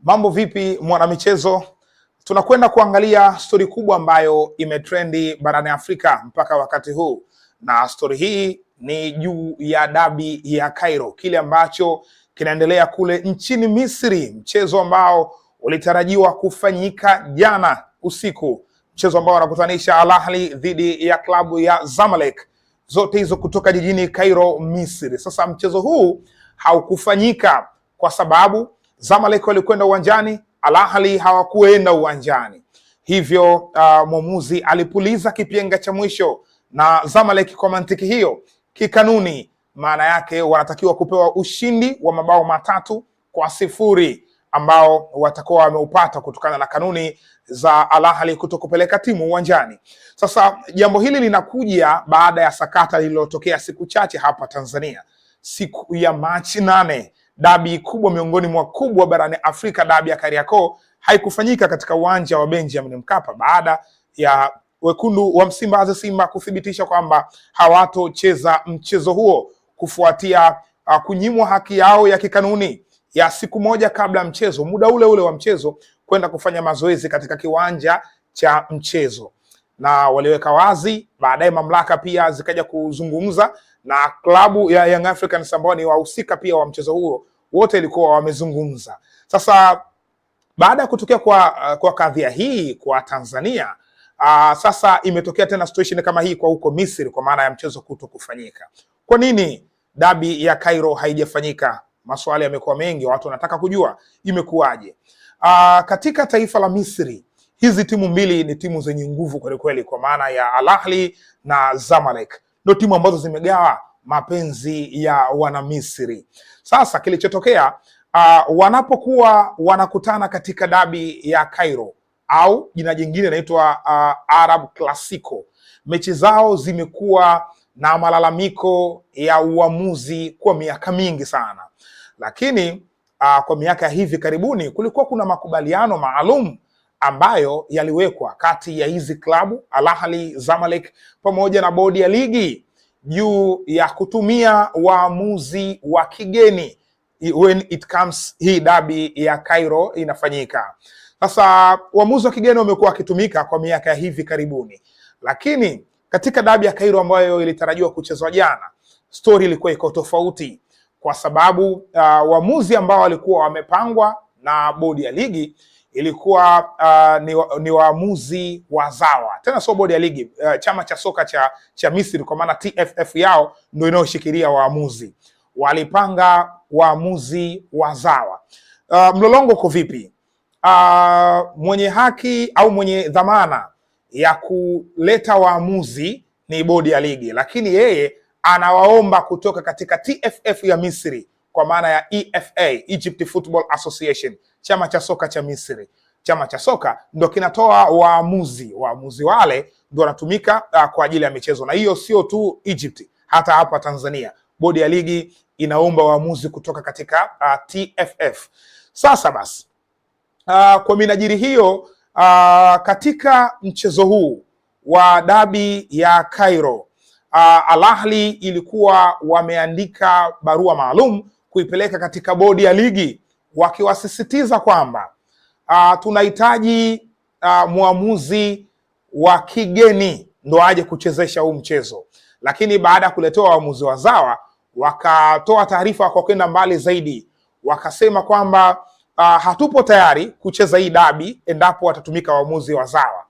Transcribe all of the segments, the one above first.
Mambo vipi mwanamichezo? Tunakwenda kuangalia stori kubwa ambayo imetrendi barani Afrika mpaka wakati huu, na stori hii ni juu ya dabi ya Cairo, kile ambacho kinaendelea kule nchini Misri, mchezo ambao ulitarajiwa kufanyika jana usiku, mchezo ambao wanakutanisha Al Ahly dhidi ya klabu ya Zamalek, zote hizo kutoka jijini Cairo, Misri. Sasa mchezo huu haukufanyika kwa sababu Zamalek walikwenda uwanjani, Al Ahly hawakuenda uwanjani, hivyo uh, mwamuzi alipuliza kipenga cha mwisho, na Zamalek kwa mantiki hiyo kikanuni, maana yake wanatakiwa kupewa ushindi wa mabao matatu kwa sifuri ambao watakuwa wameupata kutokana na kanuni za Al Ahly kutokupeleka timu uwanjani. Sasa jambo hili linakuja baada ya sakata lililotokea siku chache hapa Tanzania siku ya Machi nane dabi kubwa miongoni mwa kubwa barani Afrika, dabi ya Kariakoo haikufanyika katika uwanja wa Benjamin Mkapa baada ya wekundu wa Msimbazi Simba kuthibitisha kwamba hawatocheza mchezo huo kufuatia uh, kunyimwa haki yao ya kikanuni ya siku moja kabla ya mchezo, muda ule ule wa mchezo kwenda kufanya mazoezi katika kiwanja cha mchezo, na waliweka wazi baadaye. Mamlaka pia zikaja kuzungumza na klabu ya Young Africans ambao ni wahusika pia wa mchezo huo wote ilikuwa wamezungumza. Sasa baada ya kutokea kwa, uh, kwa kadhia hii kwa Tanzania aa, uh, sasa imetokea tena situation kama hii kwa huko Misri kwa maana ya mchezo kuto kufanyika. Kwa nini dabi ya Cairo haijafanyika? Maswali yamekuwa mengi, watu wanataka kujua imekuwaje. Uh, katika taifa la Misri hizi timu mbili ni timu zenye nguvu kwelikweli, kwa maana ya Al Ahly na Zamalek ndio timu ambazo zimegawa mapenzi ya Wanamisri. Sasa kilichotokea uh, wanapokuwa wanakutana katika dabi ya Cairo au jina jingine inaitwa uh, Arab Classico, mechi zao zimekuwa na malalamiko ya uamuzi kwa miaka mingi sana, lakini uh, kwa miaka hivi karibuni kulikuwa kuna makubaliano maalum ambayo yaliwekwa kati ya hizi klabu Al Ahly, Zamalek pamoja na bodi ya ligi juu ya kutumia waamuzi wa kigeni when it comes hii dabi ya Cairo inafanyika. Sasa waamuzi wa kigeni wamekuwa wakitumika kwa miaka ya hivi karibuni, lakini katika dabi ya Cairo ambayo ilitarajiwa kuchezwa jana, stori ilikuwa iko tofauti kwa sababu uh, waamuzi ambao walikuwa wamepangwa na bodi ya ligi ilikuwa uh, ni, ni waamuzi wazawa, tena sio bodi ya ligi uh, chama cha soka cha, cha Misri kwa maana TFF yao ndio inayoshikilia waamuzi, walipanga waamuzi wazawa. Uh, ah, mlolongo uko vipi? Uh, mwenye haki au mwenye dhamana ya kuleta waamuzi ni bodi ya ligi, lakini yeye anawaomba kutoka katika TFF ya Misri kwa maana ya EFA, Egypt Football Association, chama cha soka cha Misri. Chama cha soka ndo kinatoa waamuzi, waamuzi wale ndo wanatumika uh, kwa ajili ya michezo, na hiyo sio tu Egypt, hata hapa Tanzania bodi ya ligi inaomba waamuzi kutoka katika uh, ah, TFF. Sasa basi uh, kwa minajiri hiyo uh, katika mchezo huu wa dabi ya Cairo uh, Al Ahly ilikuwa wameandika barua maalum kuipeleka katika bodi ya ligi wakiwasisitiza kwamba uh, tunahitaji uh, mwamuzi wa kigeni ndo aje kuchezesha huu mchezo, lakini baada ya kuletewa waamuzi wazawa wakatoa taarifa kwa kwenda mbali zaidi, wakasema kwamba uh, hatupo tayari kucheza hii dabi endapo watatumika waamuzi wazawa,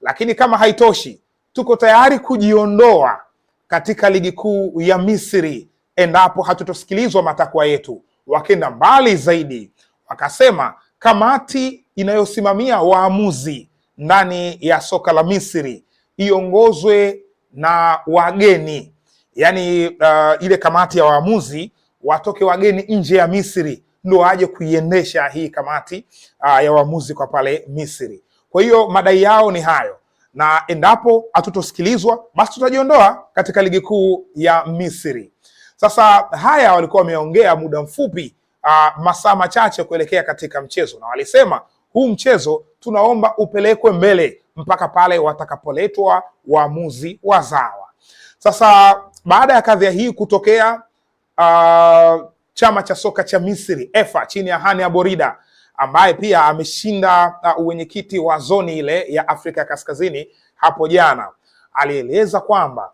lakini kama haitoshi, tuko tayari kujiondoa katika ligi kuu ya Misri endapo hatutosikilizwa matakwa yetu. Wakenda mbali zaidi, wakasema kamati inayosimamia waamuzi ndani ya soka la Misri iongozwe na wageni, yaani uh, ile kamati ya waamuzi watoke wageni nje ya Misri ndo waje kuiendesha hii kamati uh, ya waamuzi kwa pale Misri. Kwa hiyo madai yao ni hayo, na endapo hatutosikilizwa basi tutajiondoa katika ligi kuu ya Misri. Sasa haya walikuwa wameongea muda mfupi, uh, masaa machache kuelekea katika mchezo, na walisema huu mchezo tunaomba upelekwe mbele mpaka pale watakapoletwa waamuzi wazawa. Sasa baada ya kadhia hii kutokea, uh, chama cha soka cha Misri EFA chini ya Hani Aborida ambaye pia ameshinda uh, uwenyekiti wa zoni ile ya Afrika ya Kaskazini hapo jana alieleza kwamba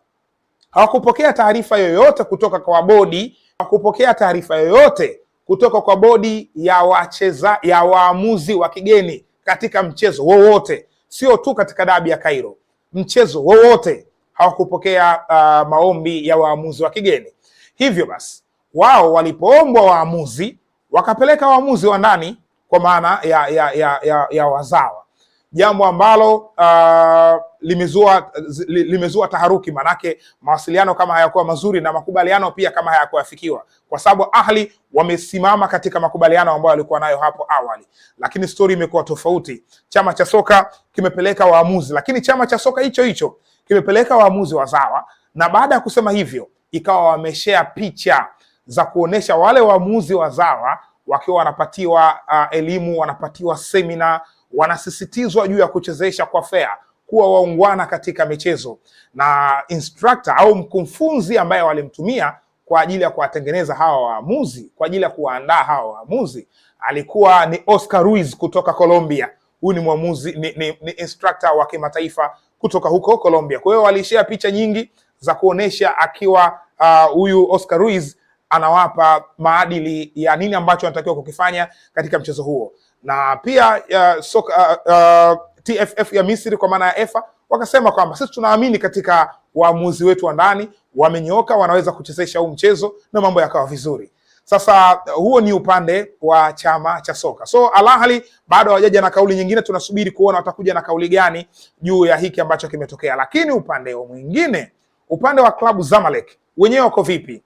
hawakupokea taarifa yoyote kutoka kwa bodi, hawakupokea taarifa yoyote kutoka kwa bodi ya wacheza ya waamuzi wa kigeni katika mchezo wowote, sio tu katika dabi ya Cairo, mchezo wowote hawakupokea uh, maombi ya waamuzi wa kigeni. Hivyo basi wao walipoombwa waamuzi wakapeleka waamuzi wa ndani kwa maana ya, ya, ya, ya, ya wazawa jambo ambalo uh, limezua limezua taharuki, manake mawasiliano kama hayakuwa mazuri na makubaliano pia kama hayakuafikiwa, kwa sababu Ahli wamesimama katika makubaliano ambayo walikuwa nayo hapo awali, lakini stori imekuwa tofauti. Chama cha soka kimepeleka waamuzi, lakini chama cha soka hicho hicho kimepeleka waamuzi wazawa, na baada ya kusema hivyo ikawa wameshea picha za kuonesha wale waamuzi wazawa wakiwa wanapatiwa uh, elimu wanapatiwa semina wanasisitizwa juu ya kuchezesha kwa fair, kuwa waungwana katika michezo, na instructor au mkufunzi ambaye walimtumia kwa ajili ya kuwatengeneza hawa waamuzi, kwa ajili ya kuwaandaa hawa waamuzi alikuwa ni Oscar Ruiz kutoka Colombia. Huyu ni mwamuzi ni, ni, ni instructor wa kimataifa kutoka huko Colombia. Kwa hiyo walishare picha nyingi za kuonesha akiwa uh, huyu uh, Oscar Ruiz anawapa maadili ya nini ambacho anatakiwa kukifanya katika mchezo huo na pia uh, soka, uh, uh, TFF ya Misri kwa maana ya EFA wakasema kwamba sisi tunaamini katika waamuzi wetu wa ndani, wamenyoka wanaweza kuchezesha huu mchezo na mambo yakawa vizuri. Sasa huo ni upande wa chama cha soka. So Al Ahly bado hawajaja na kauli nyingine, tunasubiri kuona watakuja na kauli gani juu ya hiki ambacho kimetokea. Lakini upande mwingine, upande wa klabu Zamalek wenyewe wako vipi?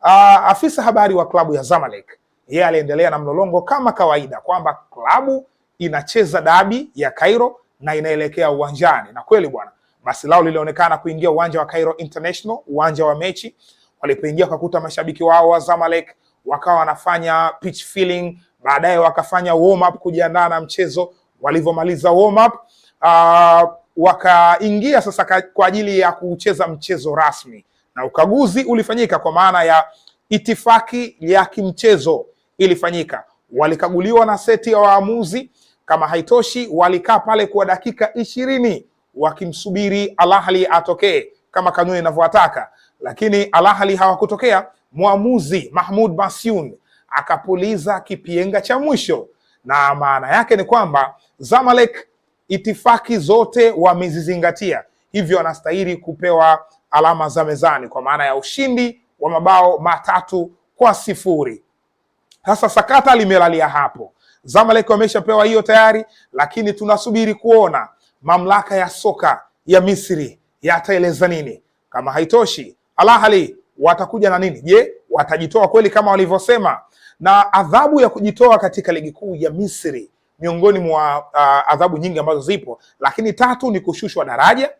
Uh, afisa habari wa klabu ya Zamalek yeye aliendelea na mlolongo kama kawaida kwamba klabu inacheza dabi ya Cairo na inaelekea uwanjani, na kweli bwana, basi lao lilionekana kuingia uwanja wa Cairo International, uwanja wa mechi. Walipoingia wakakuta mashabiki wao wa Zamalek wakawa wanafanya pitch feeling, baadaye wakafanya warm up kujiandaa na mchezo. Walivyomaliza warm up uh, wakaingia sasa kwa ajili ya kucheza mchezo rasmi, na ukaguzi ulifanyika kwa maana ya itifaki ya kimchezo ilifanyika. Walikaguliwa na seti ya waamuzi. Kama haitoshi, walikaa pale kwa dakika ishirini wakimsubiri alahli atokee kama kanuni inavyowataka, lakini alahli hawakutokea. Mwamuzi Mahmud Basyun akapuliza kipienga cha mwisho, na maana yake ni kwamba Zamalek itifaki zote wamezizingatia, hivyo anastahili kupewa alama za mezani kwa maana ya ushindi wa mabao matatu kwa sifuri. Sasa sakata limelalia hapo. Zamalek wameshapewa hiyo tayari, lakini tunasubiri kuona mamlaka ya soka ya Misri yataeleza nini. Kama haitoshi, Al Ahly watakuja na nini? Je, watajitoa kweli kama walivyosema? Na adhabu ya kujitoa katika ligi kuu ya Misri miongoni mwa uh, adhabu nyingi ambazo zipo, lakini tatu ni kushushwa daraja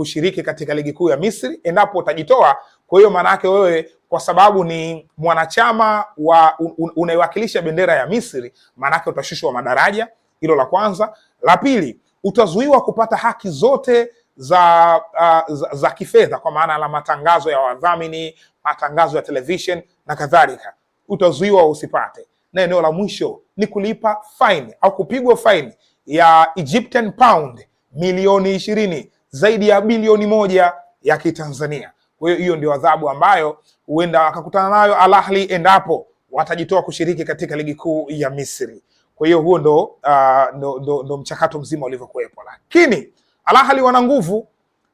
kushiriki katika ligi kuu ya Misri endapo utajitoa. Kwa hiyo maana yake wewe, kwa sababu ni mwanachama wa un, unaiwakilisha bendera ya Misri, maana yake utashushwa madaraja. Hilo la kwanza. La pili, utazuiwa kupata haki zote za uh, za, za kifedha kwa maana la matangazo ya wadhamini, matangazo ya television na kadhalika, utazuiwa usipate. Na eneo la mwisho ni kulipa fine au kupigwa fine ya Egyptian pound milioni ishirini zaidi ya bilioni moja ya Kitanzania. Kwa hiyo hiyo ndio adhabu ambayo huenda wakakutana nayo Al Ahly endapo watajitoa kushiriki katika ligi kuu ya Misri. Kwa hiyo huo ndo, uh, ndo, ndo, ndo mchakato mzima ulivyokuwepo, lakini Al Ahly wana nguvu.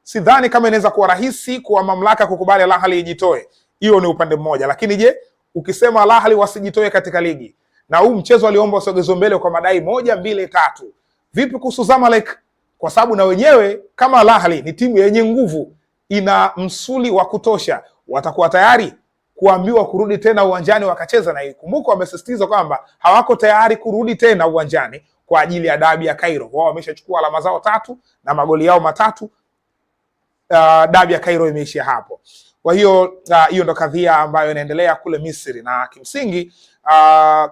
Sidhani kama inaweza kuwa rahisi kwa mamlaka kukubali Al Ahly ijitoe. Hiyo ni upande mmoja, lakini je, ukisema Al Ahly wasijitoe katika ligi na huu mchezo aliomba usogezwe mbele kwa madai moja mbili tatu, vipi kuhusu Zamalek kwa sababu na wenyewe kama Al Ahly ni timu yenye nguvu, ina msuli wa kutosha, watakuwa tayari kuambiwa kurudi tena uwanjani wakacheza. Na ikumbuka, wamesisitiza kwamba hawako tayari kurudi tena uwanjani kwa ajili ya dabi ya Cairo. Wao wameshachukua alama zao tatu na magoli yao matatu. Uh, dabi ya Cairo imeishia hapo. Kwa hiyo uh, hiyo uh, ndo kadhia ambayo inaendelea kule Misri, na kimsingi uh,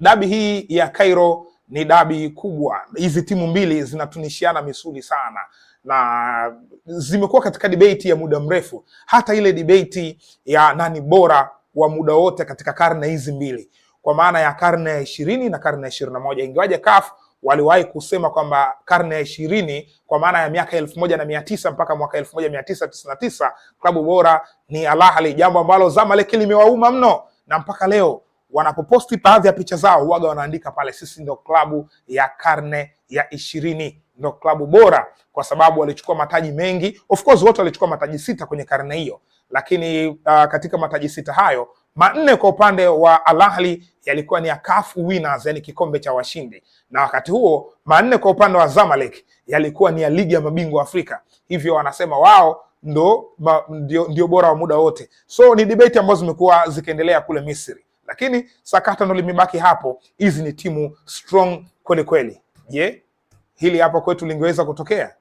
dabi hii ya Cairo ni dabi kubwa. Hizi timu mbili zinatunishiana misuli sana na zimekuwa katika debate ya muda mrefu, hata ile debate ya nani bora wa muda wote katika karne hizi mbili, kwa maana ya karne ya ishirini na karne ya ishirini na moja ingiwaje CAF waliwahi kusema kwamba karne ya ishirini kwa maana ya miaka elfu moja na mia tisa mpaka mwaka elfu moja mia tisa tisini na tisa klabu bora ni Al Ahly, jambo ambalo Zamalek limewauma mno na mpaka leo wanapoposti baadhi ya picha zao huaga wanaandika pale, sisi ndo klabu ya karne ya ishirini, ndo klabu bora, kwa sababu walichukua mataji mengi. Of course wote walichukua mataji sita kwenye karne hiyo, lakini uh, katika mataji sita hayo manne kwa upande wa Al Ahly yalikuwa ni ya CAF Winners, yani kikombe cha washindi, na wakati huo manne kwa upande wa Zamalek yalikuwa ni ya ligi ya mabingwa Afrika. Hivyo wanasema wao ndo, ma, ndio, ndio bora wa muda wote. So ni debate ambazo zimekuwa zikiendelea kule Misri lakini sakata ndo limebaki hapo. Hizi ni timu strong kweli kweli. Je, hili hapa kwetu lingeweza kutokea?